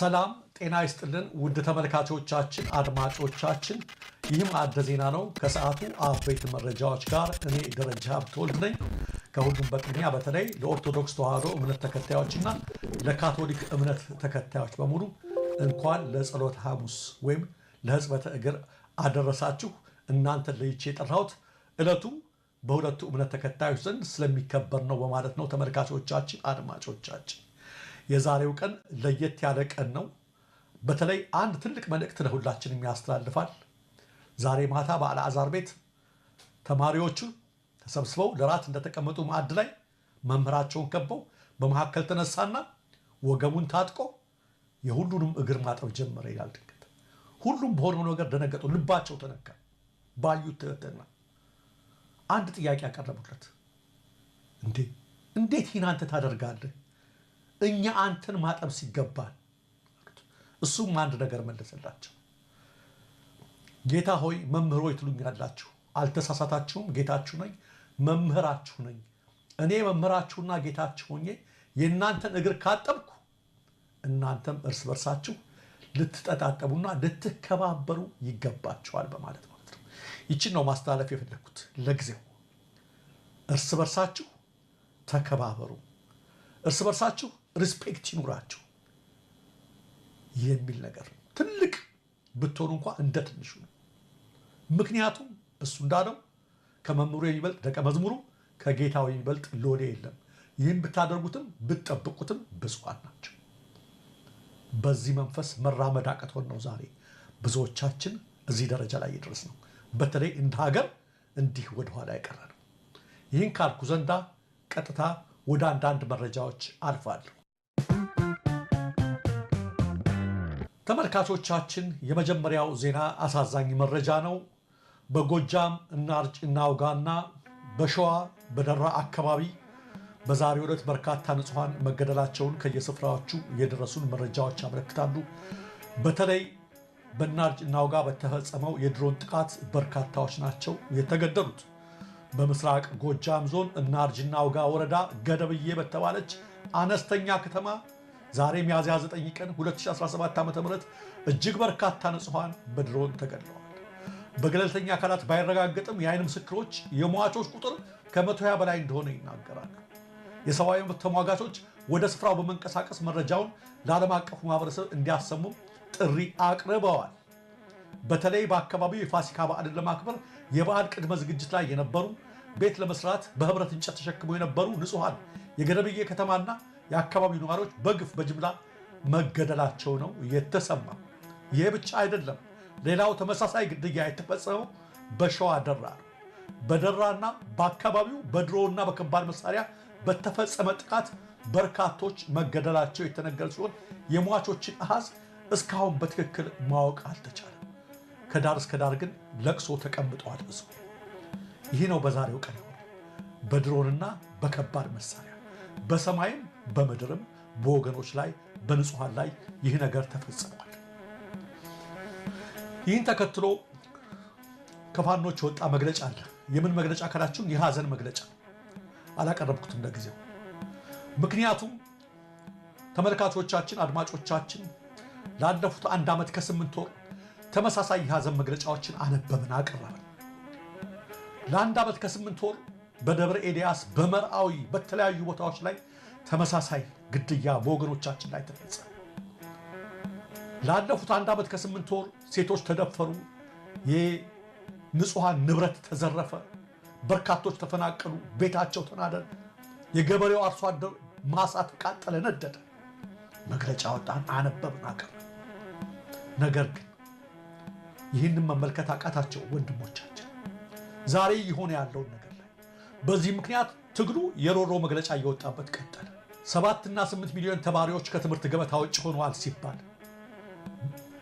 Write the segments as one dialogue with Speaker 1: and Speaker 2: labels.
Speaker 1: ሰላም ጤና ይስጥልን ውድ ተመልካቾቻችን፣ አድማጮቻችን፣ ይህም አደ ዜና ነው። ከሰዓቱ አበይት መረጃዎች ጋር እኔ ደረጃ ሀብተወልድ ነኝ። ከሁሉም በቅድሚያ በተለይ ለኦርቶዶክስ ተዋህዶ እምነት ተከታዮችና ለካቶሊክ እምነት ተከታዮች በሙሉ እንኳን ለጸሎት ሐሙስ ወይም ለሕጽበተ እግር አደረሳችሁ። እናንተን ለይቼ የጠራሁት እለቱ በሁለቱ እምነት ተከታዮች ዘንድ ስለሚከበር ነው በማለት ነው። ተመልካቾቻችን፣ አድማጮቻችን የዛሬው ቀን ለየት ያለ ቀን ነው። በተለይ አንድ ትልቅ መልእክት ለሁላችንም ያስተላልፋል። ዛሬ ማታ በአልዓዛር ቤት ተማሪዎቹ ተሰብስበው ለራት እንደተቀመጡ ማዕድ ላይ መምህራቸውን ከበው በመካከል ተነሳና ወገቡን ታጥቆ የሁሉንም እግር ማጠብ ጀመረ ይላል። ድንገት ሁሉም በሆነው ነገር ደነገጡ፣ ልባቸው ተነካ። ባዩት ትህትና አንድ ጥያቄ ያቀረቡለት እንዴ እንዴት ይህን አንተ ታደርጋለህ? እኛ አንተን ማጠብ ሲገባል። እሱም አንድ ነገር መለሰላቸው። ጌታ ሆይ መምህሮ ሆይ ትሉኛላችሁ፣ አልተሳሳታችሁም። ጌታችሁ ነኝ፣ መምህራችሁ ነኝ። እኔ መምህራችሁና ጌታችሁ ሆኜ የእናንተን እግር ካጠብኩ እናንተም እርስ በርሳችሁ ልትጠጣጠቡና ልትከባበሩ ይገባችኋል በማለት ማለት ነው። ይችን ነው ማስተላለፍ የፈለግኩት ለጊዜው። እርስ በርሳችሁ ተከባበሩ፣ እርስ በርሳችሁ ሪስፔክት ይኑራቸው የሚል ነገር ትልቅ ብትሆኑ እንኳ እንደ ትንሹ ነው። ምክንያቱም እሱ እንዳለው ከመምህሩ የሚበልጥ ደቀ መዝሙሩ ከጌታው የሚበልጥ ሎሌ የለም። ይህም ብታደርጉትም ብትጠብቁትም ብፁዓን ናቸው። በዚህ መንፈስ መራመድ አቅቶን ነው ዛሬ ብዙዎቻችን እዚህ ደረጃ ላይ እየደረስ ነው። በተለይ እንደ ሀገር እንዲህ ወደኋላ የቀረ ነው። ይህን ካልኩ ዘንዳ ቀጥታ ወደ አንዳንድ መረጃዎች አልፋለሁ። ተመልካቾቻችን የመጀመሪያው ዜና አሳዛኝ መረጃ ነው። በጎጃም እናርጭ እናውጋና በሸዋ በደራ አካባቢ በዛሬው ዕለት በርካታ ንጹሐን መገደላቸውን ከየስፍራዎቹ የደረሱን መረጃዎች ያመለክታሉ። በተለይ በእናርጭ እናውጋ በተፈጸመው የድሮን ጥቃት በርካታዎች ናቸው የተገደሉት። በምስራቅ ጎጃም ዞን እናርጅ እናውጋ ወረዳ ገደብዬ በተባለች አነስተኛ ከተማ ዛሬ ሚያዝያ 9 ቀን 2017 ዓ ም እጅግ በርካታ ንጹሐን በድሮን ተገድለዋል። በገለልተኛ አካላት ባይረጋገጥም የአይን ምስክሮች የሟቾች ቁጥር ከ120 በላይ እንደሆነ ይናገራል። የሰብአዊ መብት ተሟጋቾች ወደ ስፍራው በመንቀሳቀስ መረጃውን ለዓለም አቀፉ ማህበረሰብ እንዲያሰሙ ጥሪ አቅርበዋል። በተለይ በአካባቢው የፋሲካ በዓልን ለማክበር የበዓል ቅድመ ዝግጅት ላይ የነበሩ ቤት ለመስራት በህብረት እንጨት ተሸክመው የነበሩ ንጹሐን የገደብዬ ከተማና የአካባቢው ነዋሪዎች በግፍ በጅምላ መገደላቸው ነው የተሰማ። ይህ ብቻ አይደለም። ሌላው ተመሳሳይ ግድያ የተፈጸመው በሸዋ ደራ በደራና በአካባቢው በድሮና በከባድ መሳሪያ በተፈጸመ ጥቃት በርካቶች መገደላቸው የተነገረ ሲሆን የሟቾችን አሃዝ እስካሁን በትክክል ማወቅ አልተቻለም። ከዳር እስከ ዳር ግን ለቅሶ ተቀምጠዋል። ብዙ ይህ ነው በዛሬው ቀን የሆነ በድሮንና በከባድ መሳሪያ በሰማይም በምድርም በወገኖች ላይ በንጹሐን ላይ ይህ ነገር ተፈጽሟል። ይህን ተከትሎ ከፋኖች የወጣ መግለጫ አለ። የምን መግለጫ ካላችሁ የሀዘን መግለጫ አላቀረብኩትም እንደጊዜው። ምክንያቱም ተመልካቾቻችን፣ አድማጮቻችን ላለፉት አንድ ዓመት ከስምንት ወር ተመሳሳይ የሀዘን መግለጫዎችን አነበብን፣ አቀረብን። ለአንድ ዓመት ከስምንት ወር በደብረ ኤልያስ በመርአዊ በተለያዩ ቦታዎች ላይ ተመሳሳይ ግድያ በወገኖቻችን ላይ ተፈጸመ። ላለፉት አንድ ዓመት ከስምንት ወር ሴቶች ተደፈሩ፣ የንጹሐን ንብረት ተዘረፈ፣ በርካቶች ተፈናቀሉ፣ ቤታቸው ተናደደ፣ የገበሬው አርሶ አደር ማሳ ተቃጠለ፣ ነደደ። መግለጫ ወጣን፣ አነበብን፣ አቀረ። ነገር ግን ይህንን መመልከት አቃታቸው ወንድሞቻችን ዛሬ የሆነ ያለውን ነገር ላይ በዚህ ምክንያት ትግሉ የሮሮ መግለጫ እየወጣበት ቀጠለ። ሰባትና ስምንት ሚሊዮን ተማሪዎች ከትምህርት ገበታ ውጭ ሆነዋል ሲባል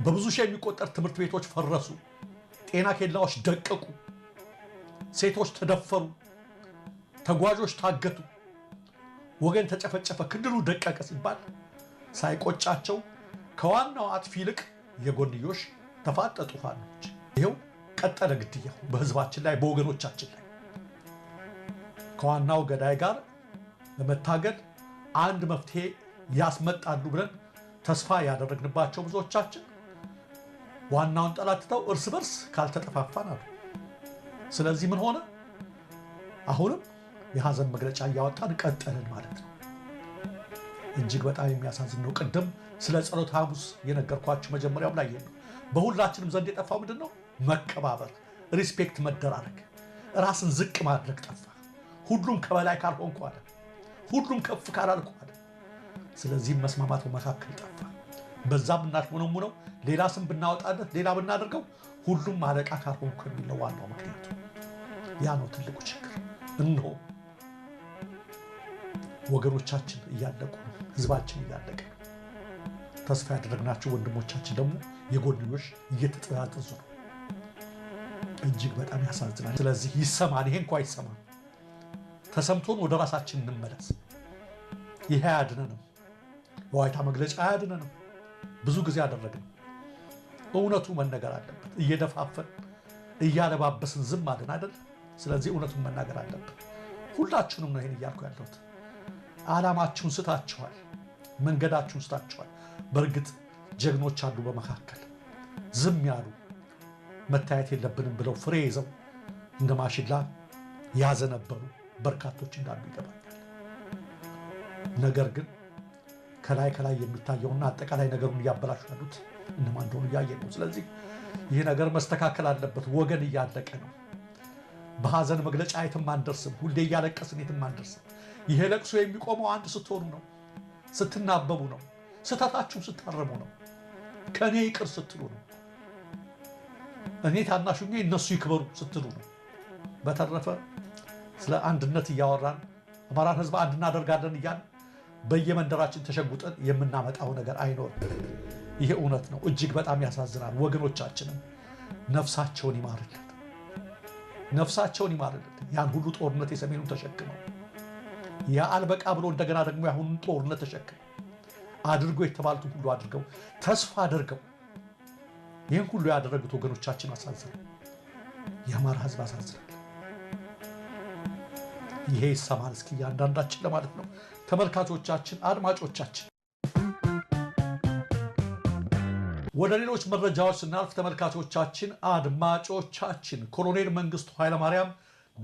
Speaker 1: በብዙ ሺህ የሚቆጠር ትምህርት ቤቶች ፈረሱ፣ ጤና ኬላዎች ደቀቁ፣ ሴቶች ተደፈሩ፣ ተጓዦች ታገቱ፣ ወገን ተጨፈጨፈ፣ ክልሉ ደቀቀ ሲባል ሳይቆጫቸው ከዋናው አጥፊ ይልቅ የጎንዮሽ ተፋጠጡ ፋኖች። ይኸው ቀጠለ ግድያው በህዝባችን ላይ በወገኖቻችን ላይ ከዋናው ገዳይ ጋር ለመታገል አንድ መፍትሄ ያስመጣሉ ብለን ተስፋ ያደረግንባቸው ብዙዎቻችን ዋናውን ጠላትተው እርስ በርስ ካልተጠፋፋን አሉ። ስለዚህ ምን ሆነ? አሁንም የሐዘን መግለጫ እያወጣን ቀጠልን ማለት ነው። እጅግ በጣም የሚያሳዝን ነው። ቅድም ስለ ጸሎት ሐሙስ የነገርኳቸው መጀመሪያውም ላይ ነው። በሁላችንም ዘንድ የጠፋው ምንድን ነው? መቀባበል፣ ሪስፔክት መደራረግ፣ ራስን ዝቅ ማድረግ ጠፋ። ሁሉም ከበላይ ካልሆንኩ አለ። ሁሉም ከፍ ካላልኩ አለ። ስለዚህ መስማማት በመካከል ጠፋ። በዛ ብናሽሞነሙ ነው ሌላ ስም ብናወጣለት ሌላ ብናደርገው ሁሉም አለቃ ካልሆንኩ የሚለው ዋናው ምክንያቱ ያ ነው ትልቁ ችግር። እንሆ ወገኖቻችን እያለቁ ህዝባችን እያለቀ ተስፋ ያደረግናቸው ወንድሞቻችን ደግሞ የጎንዮሽ እየተጠዛጠዙ ነው። እጅግ በጣም ያሳዝናል። ስለዚህ ይሰማል፣ ይሄ እንኳ ይሰማል። ተሰምቶን ወደ ራሳችን እንመለስ። ይሄ አያድነንም፣ የዋይታ መግለጫ አያድነንም። ብዙ ጊዜ አደረግን። እውነቱ መነገር አለበት። እየደፋፈን እያለባበስን ዝም አለን አይደል? ስለዚህ እውነቱን መናገር አለበት ሁላችሁንም ነው ይህን እያልኩ ያለሁት። ዓላማችሁን ስታችኋል፣ መንገዳችሁን ስታችኋል። በእርግጥ ጀግኖች አሉ በመካከል ዝም ያሉ መታየት የለብንም ብለው ፍሬ ይዘው እንደ ማሽላ ያዘነበሉ በርካቶች እንዳሉ ይገባኛል። ነገር ግን ከላይ ከላይ የሚታየውና አጠቃላይ ነገሩን እያበላሹ ያሉት እነማን እንደሆኑ እያየ ነው። ስለዚህ ይህ ነገር መስተካከል አለበት። ወገን እያለቀ ነው። በሐዘን መግለጫ የትም አንደርስም። ሁሌ እያለቀስን የትም አንደርስም። ይሄ ለቅሶ የሚቆመው አንድ ስትሆኑ ነው፣ ስትናበቡ ነው፣ ስተታችሁ ስታረሙ ነው፣ ከእኔ ይቅር ስትሉ ነው፣ እኔ ታናሹኛ እነሱ ይክበሩ ስትሉ ነው። በተረፈ ስለ አንድነት እያወራን አማራን ህዝብ አንድ እናደርጋለን እያል በየመንደራችን ተሸጉጠን የምናመጣው ነገር አይኖርም። ይሄ እውነት ነው። እጅግ በጣም ያሳዝናል። ወገኖቻችንም ነፍሳቸውን ይማርልን፣ ነፍሳቸውን ይማርልን። ያን ሁሉ ጦርነት የሰሜኑን ተሸክመው ያ አልበቃ ብሎ እንደገና ደግሞ ያሁኑ ጦርነት ተሸክመው አድርገው የተባሉትን ሁሉ አድርገው ተስፋ አድርገው ይህን ሁሉ ያደረጉት ወገኖቻችን አሳዝናል። የአማራ ህዝብ አሳዝናል። ይሄ ይሰማል እስኪ እያንዳንዳችን ለማለት ነው። ተመልካቾቻችን፣ አድማጮቻችን ወደ ሌሎች መረጃዎች ስናልፍ ተመልካቾቻችን፣ አድማጮቻችን ኮሎኔል መንግስቱ ኃይለማርያም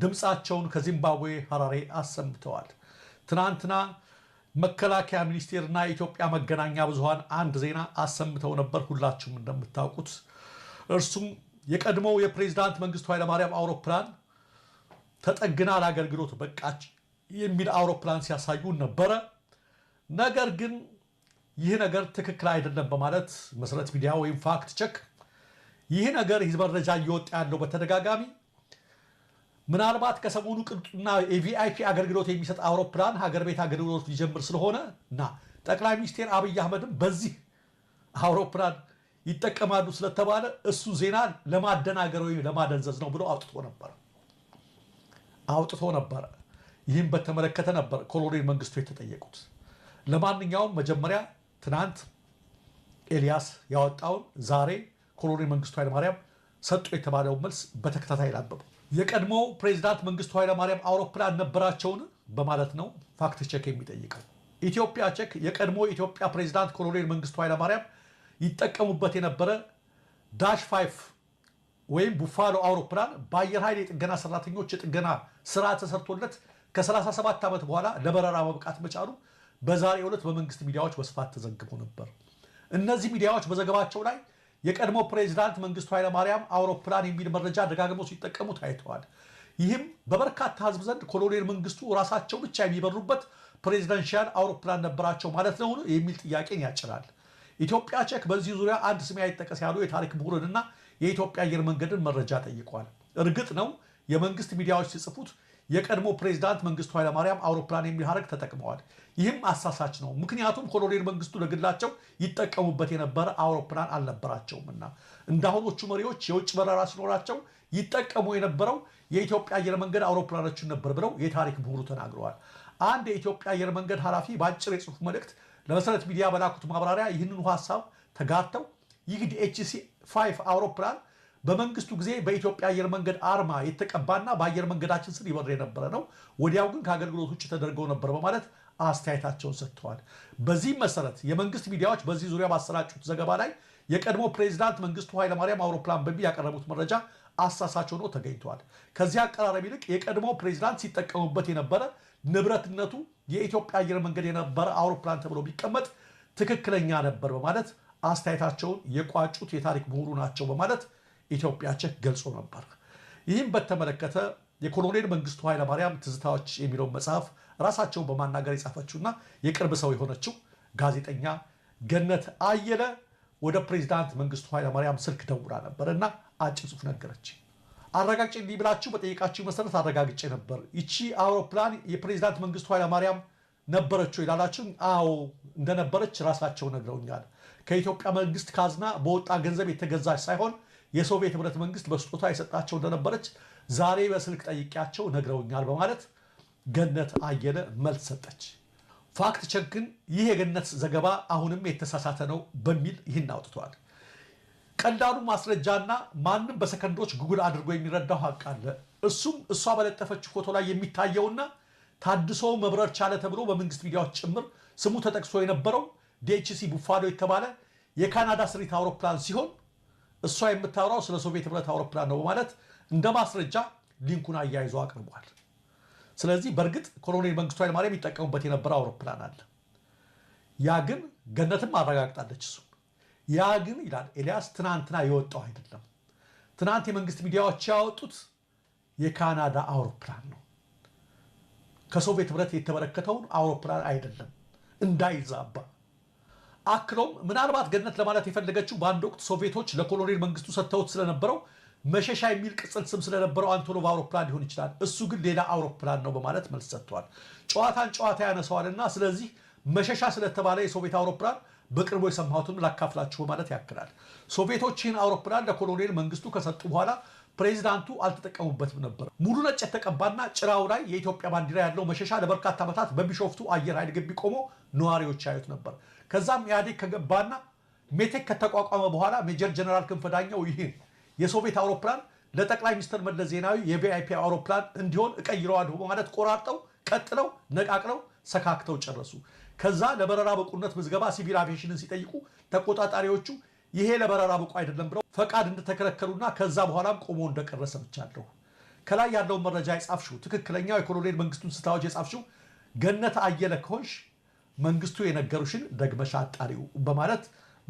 Speaker 1: ድምፃቸውን ከዚምባብዌ ሀራሬ አሰምተዋል። ትናንትና መከላከያ ሚኒስቴርና የኢትዮጵያ መገናኛ ብዙሃን አንድ ዜና አሰምተው ነበር፣ ሁላችሁም እንደምታውቁት። እርሱም የቀድሞው የፕሬዚዳንት መንግስቱ ኃይለማርያም አውሮፕላን ተጠግና ለአገልግሎት በቃች የሚል አውሮፕላን ሲያሳዩን ነበረ። ነገር ግን ይህ ነገር ትክክል አይደለም በማለት መሰረት ሚዲያ ወይም ፋክት ቸክ ይህ ነገር ይህ መረጃ እየወጣ ያለው በተደጋጋሚ ምናልባት ከሰሞኑ ቅንጡና የቪአይፒ አገልግሎት የሚሰጥ አውሮፕላን ሀገር ቤት አገልግሎት ሊጀምር ስለሆነ እና ጠቅላይ ሚኒስትር አብይ አህመድም በዚህ አውሮፕላን ይጠቀማሉ ስለተባለ እሱ ዜና ለማደናገር ወይም ለማደንዘዝ ነው ብሎ አውጥቶ ነበር። አውጥቶ ነበረ። ይህም በተመለከተ ነበር ኮሎኔል መንግስቱ የተጠየቁት። ለማንኛውም መጀመሪያ ትናንት ኤልያስ ያወጣውን ዛሬ ኮሎኔል መንግስቱ ኃይለማርያም ሰጡ የተባለውን መልስ በተከታታይ ላበቡ። የቀድሞ ፕሬዚዳንት መንግስቱ ኃይለማርያም አውሮፕላን ነበራቸውን በማለት ነው ፋክት ቼክ የሚጠይቀው። ኢትዮጵያ ቼክ የቀድሞ ኢትዮጵያ ፕሬዚዳንት ኮሎኔል መንግስቱ ኃይለማርያም ይጠቀሙበት የነበረ ዳሽ ፋይፍ ወይም ቡፋሎ አውሮፕላን በአየር ኃይል የጥገና ሰራተኞች የጥገና ስራ ተሰርቶለት ከ37 ዓመት በኋላ ለበረራ መብቃት መቻሉ በዛሬው ዕለት በመንግስት ሚዲያዎች በስፋት ተዘግቦ ነበር። እነዚህ ሚዲያዎች በዘገባቸው ላይ የቀድሞ ፕሬዚዳንት መንግስቱ ኃይለማርያም አውሮፕላን የሚል መረጃ ደጋግሞ ሲጠቀሙ ታይተዋል። ይህም በበርካታ ህዝብ ዘንድ ኮሎኔል መንግስቱ ራሳቸው ብቻ የሚበሩበት ፕሬዚደንሻል አውሮፕላን ነበራቸው ማለት ነውን? የሚል ጥያቄን ያጭራል። ኢትዮጵያ ቼክ በዚህ ዙሪያ አንድ ስሜ አይጠቀስ ያሉ የታሪክ ምሁርንና የኢትዮጵያ አየር መንገድን መረጃ ጠይቋል። እርግጥ ነው የመንግስት ሚዲያዎች ሲጽፉት የቀድሞ ፕሬዚዳንት መንግስቱ ኃይለማርያም አውሮፕላን የሚል ሀረግ ተጠቅመዋል። ይህም አሳሳች ነው። ምክንያቱም ኮሎኔል መንግስቱ ለግላቸው ይጠቀሙበት የነበረ አውሮፕላን አልነበራቸውምና እንዳሁኖቹ መሪዎች የውጭ በረራ ሲኖራቸው ይጠቀሙ የነበረው የኢትዮጵያ አየር መንገድ አውሮፕላኖችን ነበር ብለው የታሪክ ምሁሩ ተናግረዋል። አንድ የኢትዮጵያ አየር መንገድ ኃላፊ በአጭር የጽሁፍ መልእክት ለመሰረት ሚዲያ በላኩት ማብራሪያ ይህንኑ ሀሳብ ተጋርተው ይህ ዲኤችሲ ፋይቭ አውሮፕላን በመንግስቱ ጊዜ በኢትዮጵያ አየር መንገድ አርማ የተቀባና በአየር መንገዳችን ስር ይበር የነበረ ነው። ወዲያው ግን ከአገልግሎት ውጭ ተደርገው ነበር በማለት አስተያየታቸውን ሰጥተዋል። በዚህም መሰረት የመንግስት ሚዲያዎች በዚህ ዙሪያ ባሰራጩት ዘገባ ላይ የቀድሞ ፕሬዚዳንት መንግስቱ ኃይለማርያም አውሮፕላን በሚል ያቀረቡት መረጃ አሳሳች ሆኖ ተገኝተዋል። ከዚህ አቀራረብ ይልቅ የቀድሞ ፕሬዚዳንት ሲጠቀሙበት የነበረ ንብረትነቱ የኢትዮጵያ አየር መንገድ የነበረ አውሮፕላን ተብሎ ቢቀመጥ ትክክለኛ ነበር በማለት አስተያየታቸውን የቋጩት የታሪክ ምሁሩ ናቸው በማለት ኢትዮጵያ ቼክ ገልጾ ነበር። ይህም በተመለከተ የኮሎኔል መንግስቱ ኃይለማርያም ትዝታዎች የሚለውን መጽሐፍ ራሳቸውን በማናገር የጻፈችውና የቅርብ ሰው የሆነችው ጋዜጠኛ ገነት አየለ ወደ ፕሬዚዳንት መንግስቱ ኃይለማርያም ስልክ ደውላ ነበር እና አጭር ጽሑፍ ነገረች። አረጋግጬ እንዲህ ብላችሁ በጠየቃችሁ መሰረት አረጋግጬ ነበር። ይቺ አውሮፕላን የፕሬዚዳንት መንግስቱ ኃይለማርያም ነበረችው ይላላችሁ? አዎ እንደነበረች ራሳቸው ነግረውኛል። ከኢትዮጵያ መንግስት ካዝና በወጣ ገንዘብ የተገዛች ሳይሆን የሶቪየት ህብረት መንግስት በስጦታ የሰጣቸው እንደነበረች ዛሬ በስልክ ጠይቄያቸው ነግረውኛል በማለት ገነት አየለ መልስ ሰጠች። ፋክት ቸክ ግን ይህ የገነት ዘገባ አሁንም የተሳሳተ ነው በሚል ይህን አውጥተዋል። ቀላሉ ማስረጃና ማንም በሰከንዶች ጉግል አድርጎ የሚረዳው ሀቅ አለ። እሱም እሷ በለጠፈችው ፎቶ ላይ የሚታየውና ታድሶ መብረር ቻለ ተብሎ በመንግስት ሚዲያዎች ጭምር ስሙ ተጠቅሶ የነበረው ዲኤችሲ ቡፋሎ የተባለ የካናዳ ስሪት አውሮፕላን ሲሆን እሷ የምታወራው ስለ ሶቪየት ህብረት አውሮፕላን ነው በማለት እንደ ማስረጃ ሊንኩን አያይዞ አቅርቧል። ስለዚህ በእርግጥ ኮሎኔል መንግስቱ ኃይለማርያም ይጠቀሙበት የነበረ አውሮፕላን አለ። ያ ግን ገነትም አረጋግጣለች። እሱ ያ ግን ይላል ኤልያስ ትናንትና የወጣው አይደለም። ትናንት የመንግስት ሚዲያዎች ያወጡት የካናዳ አውሮፕላን ነው። ከሶቪየት ህብረት የተበረከተውን አውሮፕላን አይደለም እንዳይዛባ አክሎም ምናልባት ገነት ለማለት የፈለገችው በአንድ ወቅት ሶቪየቶች ለኮሎኔል መንግስቱ ሰጥተውት ስለነበረው መሸሻ የሚል ቅጽል ስም ስለነበረው አንቶኖቭ አውሮፕላን ሊሆን ይችላል፣ እሱ ግን ሌላ አውሮፕላን ነው በማለት መልስ ሰጥቷል። ጨዋታን ጨዋታ ያነሰዋልና ስለዚህ መሸሻ ስለተባለ የሶቪየት አውሮፕላን በቅርቡ የሰማሁትም ላካፍላችሁ በማለት ያክላል። ሶቪየቶች ይህን አውሮፕላን ለኮሎኔል መንግስቱ ከሰጡ በኋላ ፕሬዚዳንቱ አልተጠቀሙበትም ነበር። ሙሉ ነጭ የተቀባና ጭራው ላይ የኢትዮጵያ ባንዲራ ያለው መሸሻ ለበርካታ ዓመታት በቢሾፍቱ አየር ኃይል ግቢ ቆሞ ነዋሪዎች ያዩት ነበር። ከዛም ኢህአዴግ ከገባና ሜቴክ ከተቋቋመ በኋላ ሜጀር ጀነራል ክንፈ ዳኘው ይህን የሶቪየት አውሮፕላን ለጠቅላይ ሚኒስትር መለስ ዜናዊ የቪአይፒ አውሮፕላን እንዲሆን እቀይረዋለሁ በማለት ቆራርጠው ቀጥለው ነቃቅለው ሰካክተው ጨረሱ። ከዛ ለበረራ በቁነት ምዝገባ ሲቪል አቪዬሽንን ሲጠይቁ ተቆጣጣሪዎቹ ይሄ ለበረራ ብቁ አይደለም ብለው ፈቃድ እንደተከለከሉና ከዛ በኋላም ቆሞ እንደቀረ ሰምቻለሁ። ከላይ ያለውን መረጃ የጻፍሽው ትክክለኛው የኮሎኔል መንግስቱን ስታዎች የጻፍሽው ገነት አየለ ከሆንሽ መንግስቱ የነገሩሽን ደግመሻ አጣሪው በማለት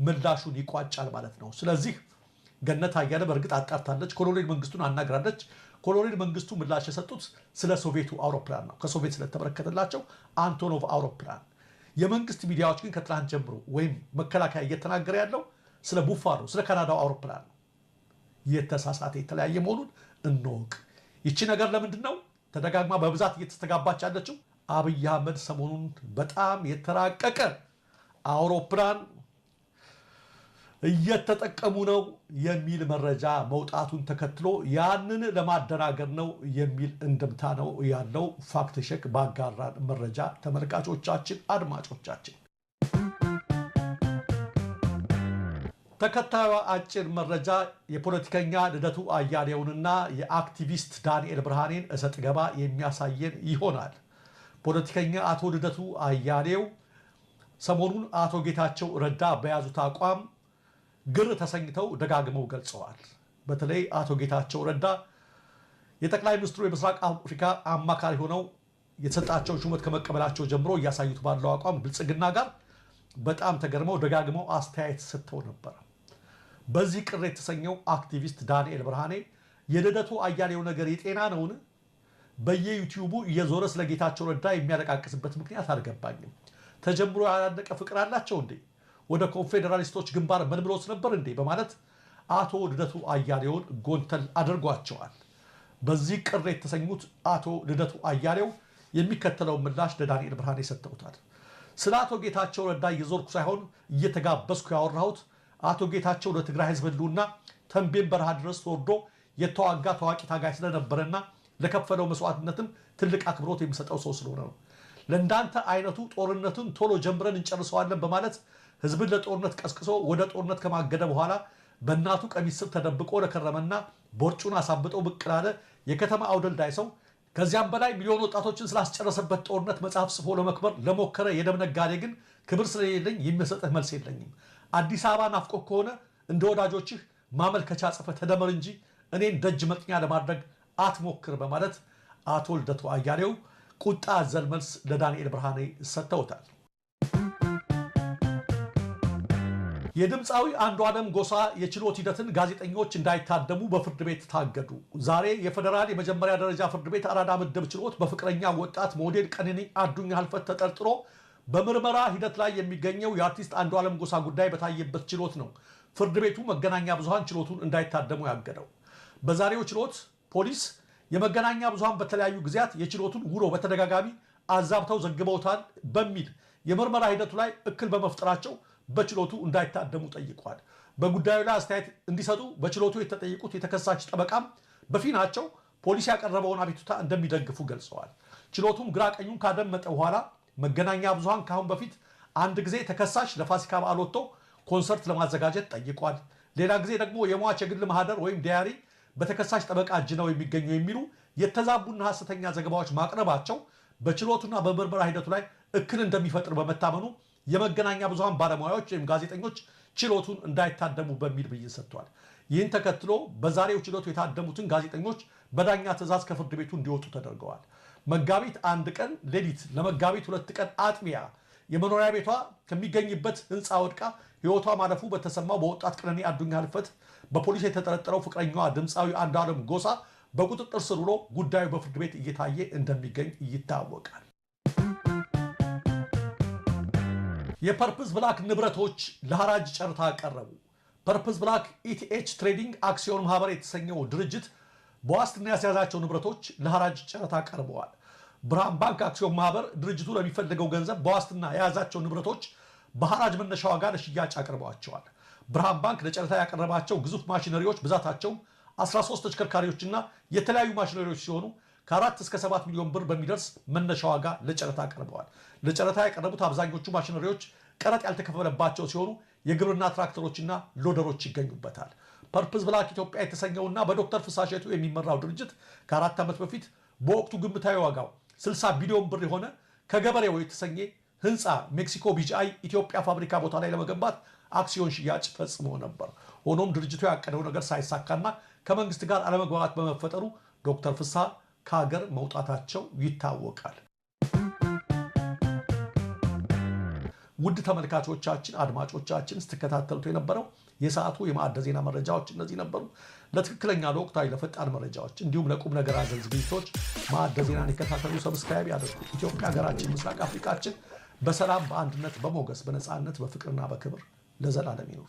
Speaker 1: ምላሹን ይቋጫል ማለት ነው። ስለዚህ ገነት አያለ በእርግጥ አጣርታለች፣ ኮሎኔል መንግስቱን አናግራለች። ኮሎኔል መንግስቱ ምላሽ የሰጡት ስለ ሶቪየቱ አውሮፕላን ነው፣ ከሶቪየት ስለተበረከተላቸው አንቶኖቭ አውሮፕላን። የመንግስት ሚዲያዎች ግን ከትናንት ጀምሮ ወይም መከላከያ እየተናገረ ያለው ስለ ቡፋሮ ስለ ካናዳው አውሮፕላን ነው። የተሳሳተ የተለያየ መሆኑን እንወቅ። ይቺ ነገር ለምንድን ነው ተደጋግማ በብዛት እየተስተጋባች ያለችው? አብይ አህመድ ሰሞኑን በጣም የተራቀቀ አውሮፕላን እየተጠቀሙ ነው የሚል መረጃ መውጣቱን ተከትሎ ያንን ለማደናገር ነው የሚል እንድምታ ነው ያለው። ፋክት ሸክ ባጋራን መረጃ ተመልካቾቻችን፣ አድማጮቻችን ተከታዩ አጭር መረጃ የፖለቲከኛ ልደቱ አያሌውንና የአክቲቪስት ዳንኤል ብርሃኔን እሰጥ ገባ የሚያሳየን ይሆናል። ፖለቲከኛ አቶ ልደቱ አያሌው ሰሞኑን አቶ ጌታቸው ረዳ በያዙት አቋም ግር ተሰኝተው ደጋግመው ገልጸዋል። በተለይ አቶ ጌታቸው ረዳ የጠቅላይ ሚኒስትሩ የምስራቅ አፍሪካ አማካሪ ሆነው የተሰጣቸውን ሹመት ከመቀበላቸው ጀምሮ እያሳዩት ባለው አቋም ብልጽግና ጋር በጣም ተገርመው ደጋግመው አስተያየት ሰጥተው ነበር። በዚህ ቅር የተሰኘው አክቲቪስት ዳንኤል ብርሃኔ የልደቱ አያሌው ነገር የጤና ነውን? በየዩቲዩቡ እየዞረ ስለ ጌታቸው ረዳ የሚያለቃቅስበት ምክንያት አልገባኝም። ተጀምሮ ያላለቀ ፍቅር አላቸው እንዴ? ወደ ኮንፌዴራሊስቶች ግንባር መንምሎት ነበር እንዴ? በማለት አቶ ልደቱ አያሌውን ጎንተል አድርጓቸዋል። በዚህ ቅር የተሰኙት አቶ ልደቱ አያሌው የሚከተለውን ምላሽ ለዳንኤል ብርሃኔ ሰጥተውታል። ስለ አቶ ጌታቸው ረዳ እየዞርኩ ሳይሆን እየተጋበዝኩ ያወራሁት አቶ ጌታቸው ለትግራይ ህዝብ ሕልውና ተንቤን በረሃ ድረስ ተወርዶ የተዋጋ ታዋቂ ታጋይ ስለነበረና ለከፈለው መስዋዕትነትም ትልቅ አክብሮት የሚሰጠው ሰው ስለሆነ ነው። ለእንዳንተ አይነቱ ጦርነቱን ቶሎ ጀምረን እንጨርሰዋለን በማለት ህዝብን ለጦርነት ቀስቅሶ ወደ ጦርነት ከማገደ በኋላ በእናቱ ቀሚስ ስር ተደብቆ ለከረመና ቦርጩን አሳብጦ ብቅ ላለ የከተማ አውደልዳይ ሰው ከዚያም በላይ ሚሊዮን ወጣቶችን ስላስጨረሰበት ጦርነት መጽሐፍ ጽፎ ለመክበር ለሞከረ የደም ነጋዴ ግን ክብር ስለሌለኝ የሚሰጥህ መልስ የለኝም። አዲስ አበባ ናፍቆ ከሆነ እንደ ወዳጆችህ ማመልከቻ ጽፈ ተደመር እንጂ እኔን ደጅ መጥኛ ለማድረግ አትሞክር በማለት አቶ ልደቱ አያሌው ቁጣ አዘል መልስ ለዳንኤል ብርሃኔ ሰጥተውታል። የድምፃዊ አንዷለም ጎሳ የችሎት ሂደትን ጋዜጠኞች እንዳይታደሙ በፍርድ ቤት ታገዱ። ዛሬ የፌዴራል የመጀመሪያ ደረጃ ፍርድ ቤት አራዳ ምድብ ችሎት በፍቅረኛ ወጣት ሞዴል ቀነኒ አዱኛ ህልፈት ተጠርጥሮ በምርመራ ሂደት ላይ የሚገኘው የአርቲስት አንዷለም ጎሳ ጉዳይ በታየበት ችሎት ነው ፍርድ ቤቱ መገናኛ ብዙሃን ችሎቱን እንዳይታደሙ ያገደው። በዛሬው ችሎት ፖሊስ የመገናኛ ብዙሃን በተለያዩ ጊዜያት የችሎቱን ውሎ በተደጋጋሚ አዛብተው ዘግበውታል በሚል የምርመራ ሂደቱ ላይ እክል በመፍጠራቸው በችሎቱ እንዳይታደሙ ጠይቋል። በጉዳዩ ላይ አስተያየት እንዲሰጡ በችሎቱ የተጠየቁት የተከሳች ጠበቃም በፊናቸው ፖሊስ ያቀረበውን አቤቱታ እንደሚደግፉ ገልጸዋል። ችሎቱም ግራ ቀኙን ካደመጠ በኋላ መገናኛ ብዙሃን ከአሁን በፊት አንድ ጊዜ ተከሳሽ ለፋሲካ በዓል ወጥቶ ኮንሰርት ለማዘጋጀት ጠይቋል። ሌላ ጊዜ ደግሞ የሟች የግል ማህደር ወይም ዲያሪ በተከሳሽ ጠበቃ እጅ ነው የሚገኙ የሚሉ የተዛቡና ሐሰተኛ ዘገባዎች ማቅረባቸው በችሎቱና በምርመራ ሂደቱ ላይ እክል እንደሚፈጥር በመታመኑ የመገናኛ ብዙሃን ባለሙያዎች ወይም ጋዜጠኞች ችሎቱን እንዳይታደሙ በሚል ብይን ሰጥቷል። ይህን ተከትሎ በዛሬው ችሎቱ የታደሙትን ጋዜጠኞች በዳኛ ትዕዛዝ ከፍርድ ቤቱ እንዲወጡ ተደርገዋል። መጋቢት አንድ ቀን ሌሊት ለመጋቢት ሁለት ቀን አጥቢያ የመኖሪያ ቤቷ ከሚገኝበት ህንፃ ወድቃ ሕይወቷ ማለፉ በተሰማው በወጣት ቀነኒ አዱኛ ሕልፈት በፖሊስ የተጠረጠረው ፍቅረኛዋ ድምፃዊ አንዱዓለም ጎሳ በቁጥጥር ስር ውሎ ጉዳዩ በፍርድ ቤት እየታየ እንደሚገኝ ይታወቃል። የፐርፕዝ ብላክ ንብረቶች ለሐራጅ ጨረታ ቀረቡ። ፐርፕዝ ብላክ ኢቲኤች ትሬዲንግ አክሲዮን ማህበር የተሰኘው ድርጅት በዋስትና ያስያዛቸው ንብረቶች ለሐራጅ ጨረታ ቀርበዋል። ብርሃን ባንክ አክሲዮን ማህበር ድርጅቱ ለሚፈልገው ገንዘብ በዋስትና የያዛቸው ንብረቶች በሐራጅ መነሻ ዋጋ ለሽያጭ አቅርበዋቸዋል። ብርሃን ባንክ ለጨረታ ያቀረባቸው ግዙፍ ማሽነሪዎች ብዛታቸው 13 ተሽከርካሪዎችና የተለያዩ ማሽነሪዎች ሲሆኑ ከአራት እስከ ሰባት ሚሊዮን ብር በሚደርስ መነሻ ዋጋ ለጨረታ አቅርበዋል። ለጨረታ ያቀረቡት አብዛኞቹ ማሽነሪዎች ቀረጥ ያልተከፈለባቸው ሲሆኑ የግብርና ትራክተሮችና ሎደሮች ይገኙበታል። ፐርፕዝ ብላክ ኢትዮጵያ የተሰኘውና በዶክተር ፍሳሸቱ የሚመራው ድርጅት ከአራት ዓመት በፊት በወቅቱ ግምታዊ ዋጋው 60 ቢሊዮን ብር የሆነ ከገበሬው የተሰኘ ህንፃ ሜክሲኮ ቢጂአይ ኢትዮጵያ ፋብሪካ ቦታ ላይ ለመገንባት አክሲዮን ሽያጭ ፈጽሞ ነበር። ሆኖም ድርጅቱ ያቀደው ነገር ሳይሳካና ከመንግስት ጋር አለመግባባት በመፈጠሩ ዶክተር ፍስሐ ከሀገር መውጣታቸው ይታወቃል። ውድ ተመልካቾቻችን፣ አድማጮቻችን ስትከታተሉት የነበረው የሰዓቱ የማዕደ ዜና መረጃዎች እነዚህ ነበሩ። ለትክክለኛ ለወቅታዊ ለፈጣን መረጃዎች እንዲሁም ለቁም ነገር አዘል ዝግጅቶች ማዕደ ዜናን የከታተሉ ሰብስክራይብ ያደርጉ። ኢትዮጵያ ሀገራችን፣ ምስራቅ አፍሪካችን በሰላም በአንድነት በሞገስ በነፃነት በፍቅርና በክብር ለዘላለም ይኑሩ።